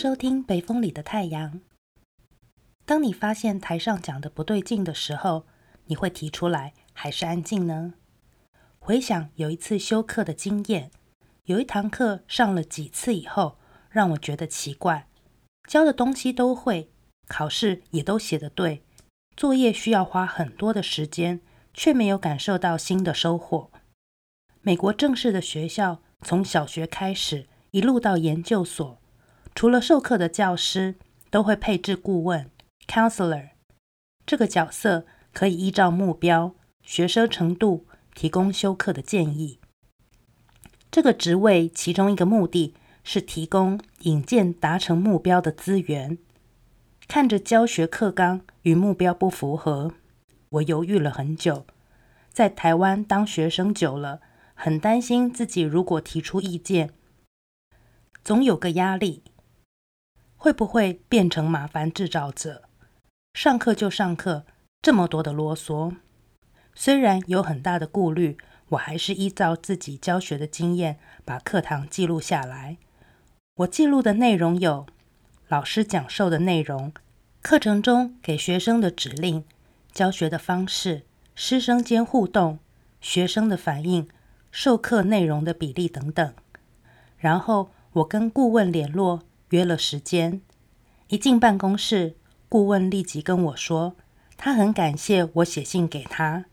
收聽北風裡的太陽。當你發現台上講得不對勁的時候，你會提出來，還是安靜呢？回想有一次修課的經驗，有一堂課上了幾次以後，讓我覺得奇怪。教的東西都會，考試也都寫得對，作業需要花很多的時間，卻沒有感受到新的收穫。美國正式的學校從小學開始，一路到研究所。除了授課的教師，都會配置顧問 （counselor） 這個角色，可以依照目標學生程度提供修課的建議。這個職位其中一個目的是提供引薦達成目標的資源。看着教學課綱與目標不符合，我猶豫了很久。在台灣當學生久了，很擔心自己如果提出意見，總有個壓力。會不會變成麻煩製造者？上課就上課，這麼多的囉嗦。雖然有很大的顧慮，我還是依照自己教學的經驗，把課堂記錄下來。我記錄的內容有：老師講授的內容、課程中給學生的指令、教學的方式、師生間互動、學生的反應、授課內容的比例等等。然後我跟顧問聯絡。約了時間，一進辦公室，顧問立即跟我說，他很感謝我寫信給他。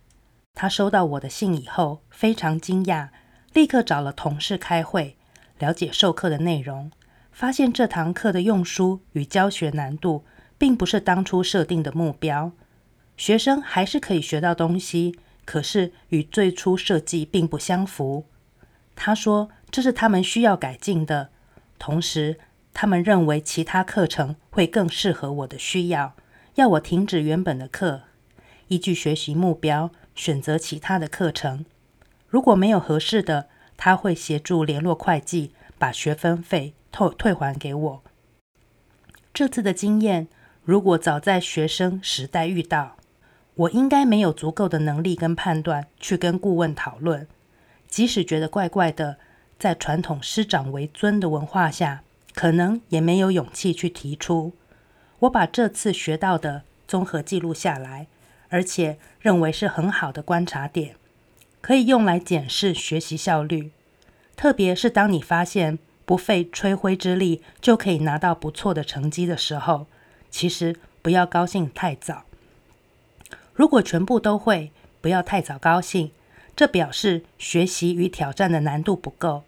他收到我的信以後，非常驚訝，立刻找了同事開會，了解授課的內容。發現這堂課的用書與教學難度，並不是當初設定的目標。學生還是可以學到東西，可是與最初設計並不相符。他說這是他們需要改進的，同時，他們認為其他課程會更適合我的需要，要我停止原本的課，依據學習目標，選擇其他的課程。如果沒有合適的，他會協助聯絡會計，把學分費退退還給我。這次的經驗，如果早在學生時代遇到，我應該沒有足夠的能力跟判斷去跟顧問討論，即使覺得怪怪的，在傳統師長為尊的文化下，可能也沒有勇氣去提出。我把這次學到的綜合記錄下來，而且認為是很好的觀察點，可以用來檢視學習效率。特別是當你發現不費吹灰之力就可以拿到不錯的成績的時候，其實不要高興太早。如果全部都會，不要太早高興，這表示學習與挑戰的難度不夠，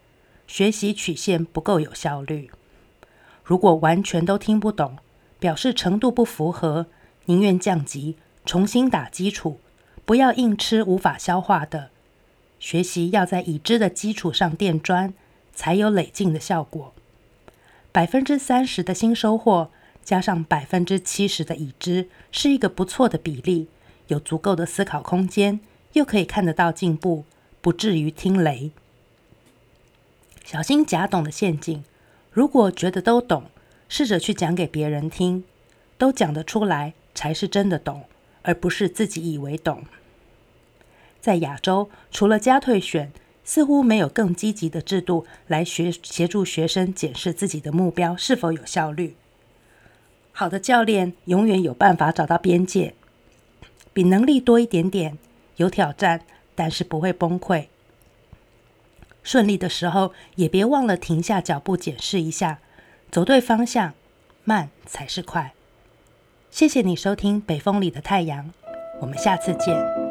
學習曲線不夠有效率。如果完全都聽不懂，表示程度不符合，寧願降級，重新打基礎，不要硬吃無法消化的。學習要在已知的基礎上疊磚，才有累進的效果。百分之三十的新收穫，加上百分之七十的已知，是一個不錯的比例，有足夠的思考空間，又可以看得到進步，不至於聽雷。小心假懂的陷阱。如果覺得都懂，試着去講給別人聽，都講得出來才是真的懂，而不是自己以為懂。在亞洲，除了加退選，似乎沒有更積極的制度來學協助學生檢視自己的目標是否有效率。好的教練永遠有辦法找到邊界，比能力多一點點，有挑戰，但是不會崩潰。順利的時候，也別忘了停下腳步檢視一下，走對方向，慢才是快。謝謝你收聽《北風裡的太陽》，我們下次見。